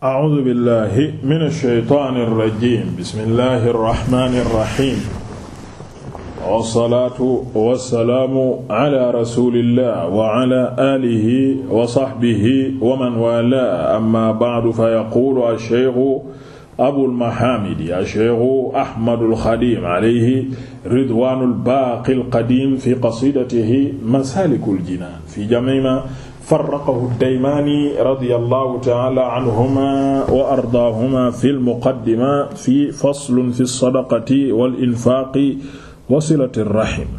A'uuzu billaahi mina shaytaani rajiim bismillaahi rahmaani rahiim. Wassalaatu wassalaamu alaa rasuulillaah wa alaa aalihi wa sahbihi wa man waalaah, ammaa ba'du fayaquulu ash-shaykhu Abul Mahaamidi ash-shaykhu Ahmadul Xadiim alayhi ridwaanul baaqil qadiim fi qasiidatihi Masaalikul Jinaan fi jamii'i farraqahu ad-Daymaani radiyallahu ta'ala anhuma wa ardaahuma fi al-muqaddima fi faslun fi as-sadaqati wal-infaaqi wa silati ar-rahim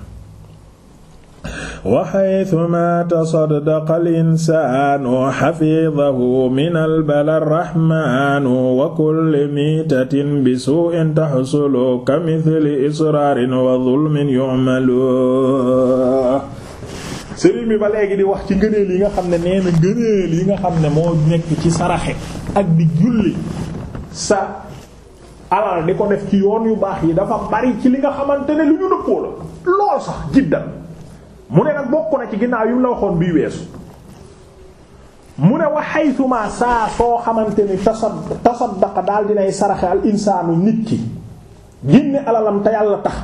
wa haythumaa tasaddaqa al-insaanu hafizahu min al-balaa ar-rahmaanu wa kullu miitatin bi suu'in tahsulu kamithli israarin wa dhulmin yu'malu sëriñ bi ba léegi di wax ci ngëneel yi nga xam ne nee na ngëneel yi nga xam ne moo nekk ci saraxe ak di julli sa alal di ko def ci yoon yu baax yi dafa bari ci li nga xamante ne lu ñu nëppoo la lool sax jiddan mu ne nag bokk na ci ginnaaw yu mu la waxoon bii weesu mu ne wa haythuma saa soo xamante ni tasa tasaddaqa daal dinay saraxe al insaanu nit ki génne alalam te yàlla tax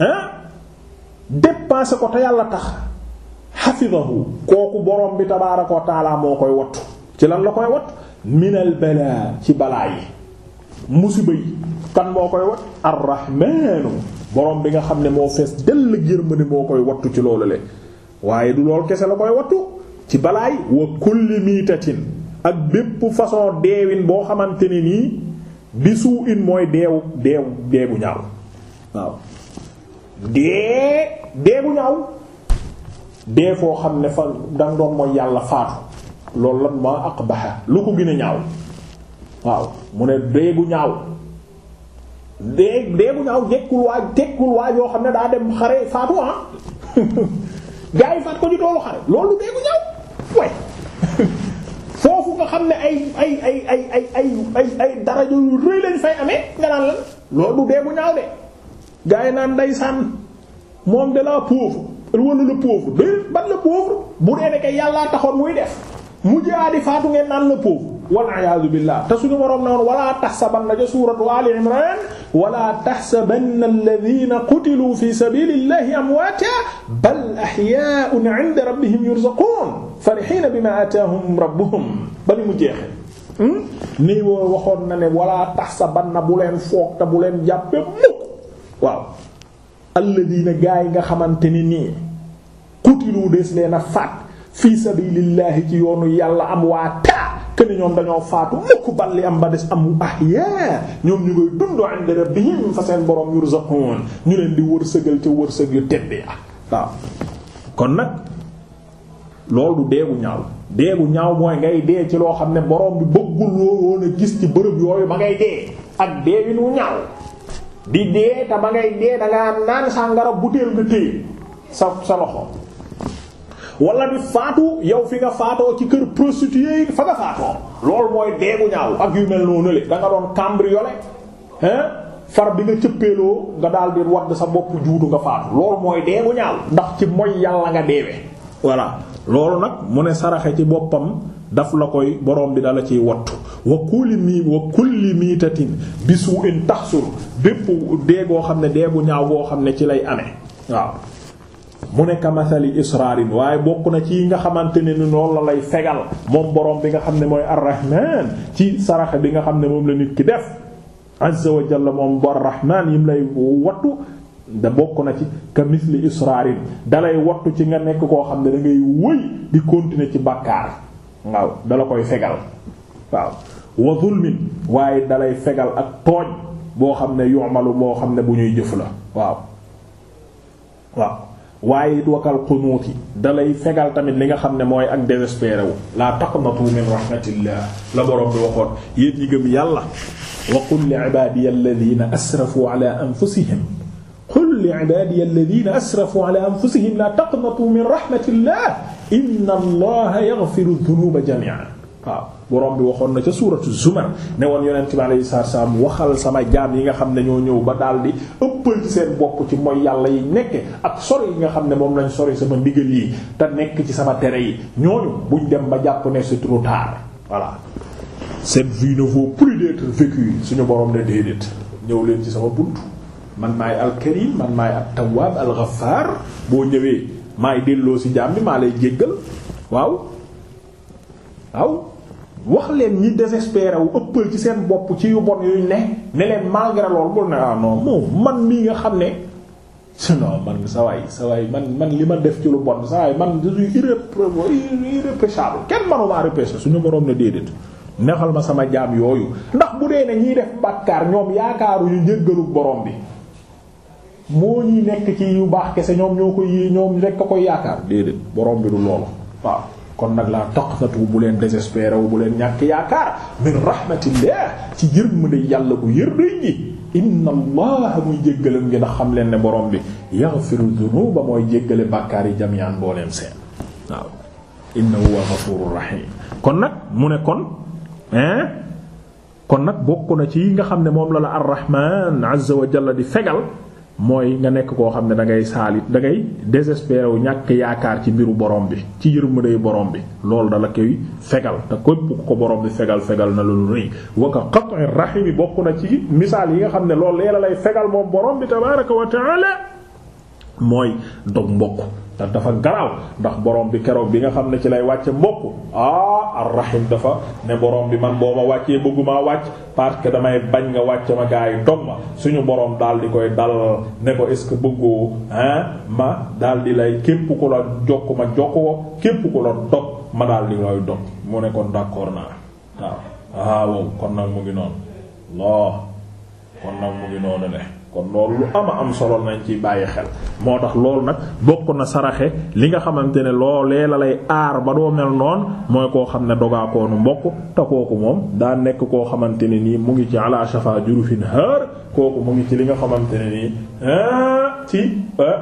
ah dépenser ko te yàlla tax xafidahu kooku borom bi tabaaraka wa taala moo koy wattu ci lan la koy wattu minal balaa ci balaa yi musiba yi kan moo koy wattu arrahmaanu borom bi nga xam ne moo fees dell yërmande moo koy wattu ci loolu le waaye du lool kese la koy wattu ci balaay wa kulli miitatin ak bépp façon deewin boo xamante ne nii bi suu in mooy deewu deewu deebu ñaaw waaw dee deebu ñaaw dee foo xam ne fa danga doon mooy yàlla faatu loolu lan ma aqbaha lu ko gën a ñaaw waaw mu ne dee gu ñaaw dee dee gu ñaaw yoo xam ne daa dem xare faatu ah. ko ci toolu xare loolu dee gu ñaaw way nga xam ay ay ay ay ay ay ay nga loolu dee bu ñaaw de gaa yi naan ndeysaan moom de la pauvre wala le pauvre déedéet ban le pauvre bu dee ne yàllaa taxoon muy def mu jaadi faatu ngeen naan le pauvre wal iyaadu billah te suñu waroon na woon wala taxsabanna ja suuratu Ali Imran wala taxsabanna alladhiina qutiluu fi sabiilillahi amwaatan bal ahyaa'un 'inda rabbihim yurzaquun farihiina bimaa aataahum rabbuhum ba ni mu jeexee. Hmm? nii woo waxoon na ne wala taxsabanna bu leen foog te bu leen jàppee mu. alladina gaa yi nga xamante ni nii qutilu des leen a faat fii sabilillahi ci yoonu yàlla am waa taa këni ñoom dañoo faatu mukk balli am ba des am ahyaa ñoom ñu ngay dundoo inda rabbihim fa seen borom yurzaqun ñu leen di wërsëgal ca wërsëg yu tedd ya waaw kon nag loolu du deegu ñaaw deegu ñaaw mooy ngay dee ci loo xam ne borom bi bëggul woon a gis ci bërëb yooyu ba ngay dee ak dee wi ñaaw di dee te ba ngay dee da ngaa sàngara butéel nga téye sa sa loxo wala di faatu yow fi nga faatoo ci kër prostituée yi fa nga faatoo loolu mooy deegu ñaaw ak yu mel noo le da nga doon cambriolé hein far bi nga cëppeeloo nga daal di wadd sa bopp juutu nga faatu loolu mooy deegu ñaaw ndax ci mooy yàlla nga deewee voilà loolu nag mu ne saraxe ci boppam daf la koy borom bi dala ciy wattu wa kulli mii wa kulli miitatin bisu in taxsur bépp dee goo xam ne dee bu ñaaw boo xam ne ci lay amee waaw mu ne kamathali israarin waaye bokk na ci nga xamante ne ni noonu la lay fegal moom borom bi nga xam ne mooy arrahman ci saraxe bi nga xam ne moom la nit ki def azza wa jalla moom bu arrahman yim lay wattu da bokk na ci kamithli israarin dalay wattu ci nga nekk koo xam ne dangay ngay wëy di continuer ci bàkkaar waaw dala koy fegal waaw wa zulmin waaye dalay fegal ak tooñ boo xam ne yu'malu boo xam ne bu ñuy jëf la waaw waaw waaye wakal xunuuti dalay fegal tamit li nga xam ne mooy ak désespéré wu laa taqnatu min rahmatillah la boroom bi waxoon yéen ñi gëm yàlla wa qul li ibadiya alladhina asrafu ala anfusihim qul li ibadiya alladhina asrafu ala anfusihim la taqnatu min rahmatillah inna allaha yaghfiru dhunuba jami'an waaw borom bi waxoon na ca suuratu zumar ne woon yonent bi saa salaatu salaam waxal sama jaam yi nga xam ne ñoo ñëw ba daal di ëppal seen bokk ci mooy yàlla yi nekke ak sori yi nga xam ne moom lañ sori sama ndigal yi te nekk ci sama tere yi ñooñu buñ dem ba jàpp ne c'est trop tard voilà cette vie ne vaut plus suñu borom ne déedéet ñëw leen ci sama bunt man maay alkarim man maay at-tawwab boo ñëwee maay delloo ci jaam bi maa lay jéggal waaw wax leen ñi désespéré wu ëppal ci seen bopp ci yu bon yuñ ne ne leen malgré loolu bul ne ah non moom man mii nga xam ne non man sa waay man man li ma def ci lu bon sa man je suis irréprochable kenn suñu boroom ne déedéet neexal ma sama jaam yooyu ndax bu dee ne ñiy def bàkkaar ñoom yaakaaruñu njëggalu boroom bi moo ñuy nekk ci yu baax kese ñoom ñoo ko yi ñoom rekk a koy yaakaar déedéet borom bi du loolu waaw kon nag laa taqnatu bu leen désespéré wu bu leen ñàkk yaakaar min rahmatillah ci yërmande yàlla bu yërëy ji inna allah muy jéggalam ngi ndax xam leen ne borom bi yaghfiru dhunuba mooy jéggale bàkkaar yi jami'an booleem seen waaw innahu huwa ghafurur rahim kon nag mu ne kon hein kon nag bokk na ci yi nga xam ne moom la la ar-rahman azza di fegal mooy nga nekk koo xam ne da ngay saalit dangay ngay désespéré ñàkk yaakaar ci mbiru borom bi ci yërmandey borom bi loolu dala koy fegal te képp ko borom bi fegal fegal na lu rëy waka qat'i rahim yi bokk na ci misaal yi nga xam ne loolu leela lay fegal moom borom bi tabaaraka wa ta'ala mooy dog mbokk te dafa garaaw ndax borom bi keroog bi nga xam ne ci lay wàcce mbokk ah arrahim dafa ne borom bi man boo ma wàccee bëggumaa wàcc parce que damay bañ nga wàcc ma gaa yi dog ma suñu borom daal di koy dal ne ko est-ce que bëggoo ah ma daal di lay képp ku la jokk ma jokk ko képp ku la dog ma daal di lay dog mu ne kon d'accord naa waaw ah, kon nag mu ngi noonu loo kon nag mu ngi noonu ne kon loolu lu ama am solo nañ ci bàyyi xel moo tax loolu nag bokk na saraxe li nga xamante ne loolee la lay aar ba doo mel noonu mooy koo xam ne dogaakoonu mbokk te kooku moom daa nekk koo xamante ne nii mu ngi ci ala shafa jurufin haar kooku mu ngi ci li nga xamante ni nii ah, ci ah,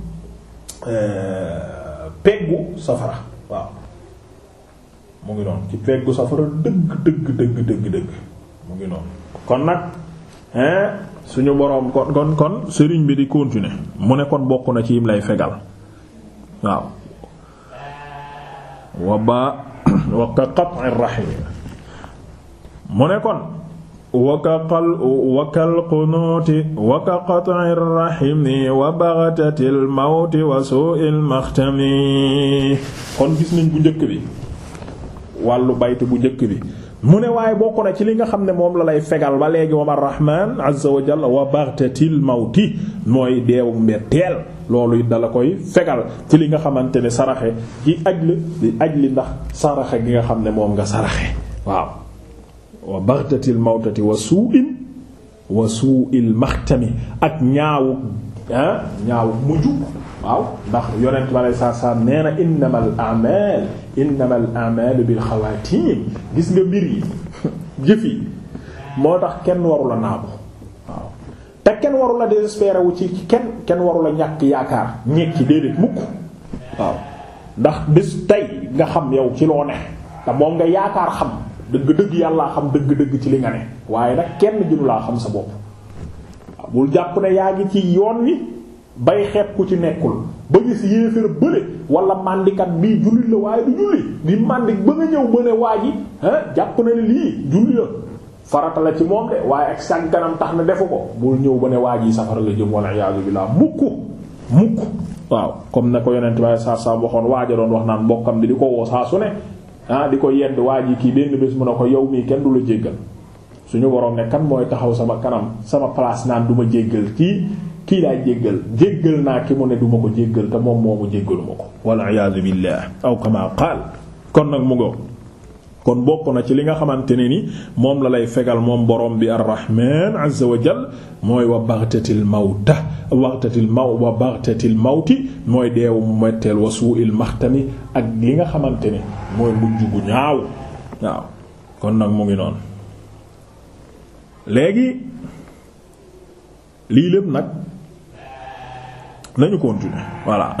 eh, peggu safara waaw mu ngi noonu ci peggu safara dëgg dëgg dëgg dëgg mu ngi noonu kon nag eh, suñu boroom kon kon kon sëriñ bi di continuer mu ne kon bokk na ci yim lay fegal waaw wa ba wa ka mu ne kon wa ka qal wa mawti wa su'il maxtami kon gis nañ bu njëkk bi wàllu baytu bu njëkk bi mu ne waaye bokk na ci li nga xam ne moom la lay fegal ba léegi wama rahman azza wa jalla wa baxtatil mawti mooy deew mbetteel loolu dala koy fegal ci li nga xamante ne saraxe ci ajli di ajli ndax saraxe gi nga xam ne moom nga saraxe waaw wa baxtatil mawtati wa suu'in wa suu'il maxtami ak ñaawu Ah, ñaaw mujj waaw ndax yonent bi alei saatu salaam nee na innamal a'mal bi a'mal bil xawaatim gis nga mbir yi jëf yi moo tax kenn waru la waaw te kenn waru la désespéré wu ci kenn kenn warula ñàkk yaakaar ñekki déedéet mukk waaw ndax bés tey nga xam yow ci loo ne te moom nga yaakaar xam dëgg-dëgg yàllaa xam dëgg-dëgg ci li nga ne waaye nag kenn gënu laa xam sa bopp bul jàpp ne yaa ngi ci yoon wi bay xeeb ku ci nekkul ba gis yéeféer bële wala màndikat bii jullit la waaye du julli di màndik ba nga ñëw ba ne waa ji jàpp na lii julli la farata la ci moom de waaye ak sàgganam tax na defu ko bul ñëw ba ne waa ji safara la jëm walla iyaadu billaah mukk mukk waaw comme na ko yonent waaye saa saa waxoon waaja doon wax naan mbokkam di di ko woo saa su ne ah di ko yedd waa yi kii benn bés mu ne ko yow mii kenn du la jéggal suñu waroon ne kan mooy taxaw sama kanam sama place naan du ma jéggal kii kii laa jéggal jéggal naa ki mu ne du ma ko jéggal te moom moomu jéggaluma ko walla iyaazu billaah aw kama qaal kon nag mu kon bokk na ci li nga xamante ne ni moom la lay fegal moom borom bi arrahman azza wa jal mooy wa baxtatil mawta waxtatil maw wa baxtatil mooy deewu metteel wa suu'il ak li nga xamante ne mooy ñaaw waaw kon nag mu ngi noonu léegi lii lépp nag nañu continuer voilà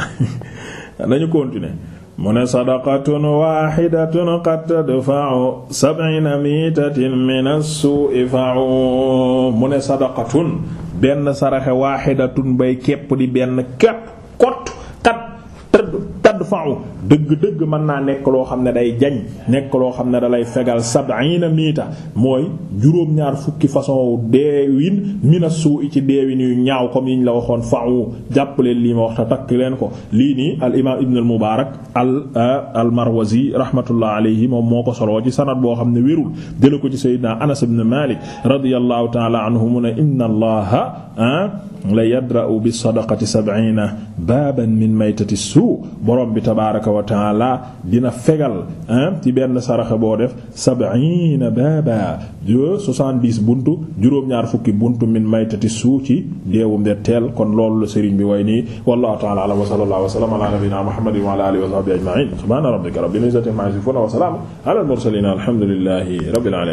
nañu continuer mu ne sadaqatun waxidatun qad tadfa'u sab'ina miitatin min as-su'i fa'u mu ne sadaqatun benn saraxe waxidatun bay képp di benn képp tadfa'u dëgg-dëgg mën naa nekk loo xam ne day jañ nekk loo xam ne dalay fegal sab'ina miita mooy juróom-ñaar fukki façon deewin mina suu'i ci deewin yu ñaaw ko yiñ la waxoon fa'u jàpp leen lii ma wax takk leen ko lii nii al imaam ibn al mubaarak al euh, al marwazi rahmatullah alayhi moom moo ko soloo ci sanad boo xam ne wérul jëla ko ci sayyidina anas ibn malik radiyallahu ta'ala anhu inna allaha la yadra'u bi sadaqati sab'ina baaban min maytati suu borom bi tabaaraka wa taala dina fegal ci benn saraxa boo def sab'ina baaba soixante-dix buntu juróom-ñaar fukki buntu min maytati suu ci deewum de teel kon loolu la sëriñ bi way nii wallahu ta'ala a'lam wa sallallahu wa sallama ala nabiyyina muhammadin wa ala alihi wa sahbihi ajma'in subhana rabbika rabbil izzati amma yasifun wa salamun ala al mursalin alhamdulillahi rabbil alamin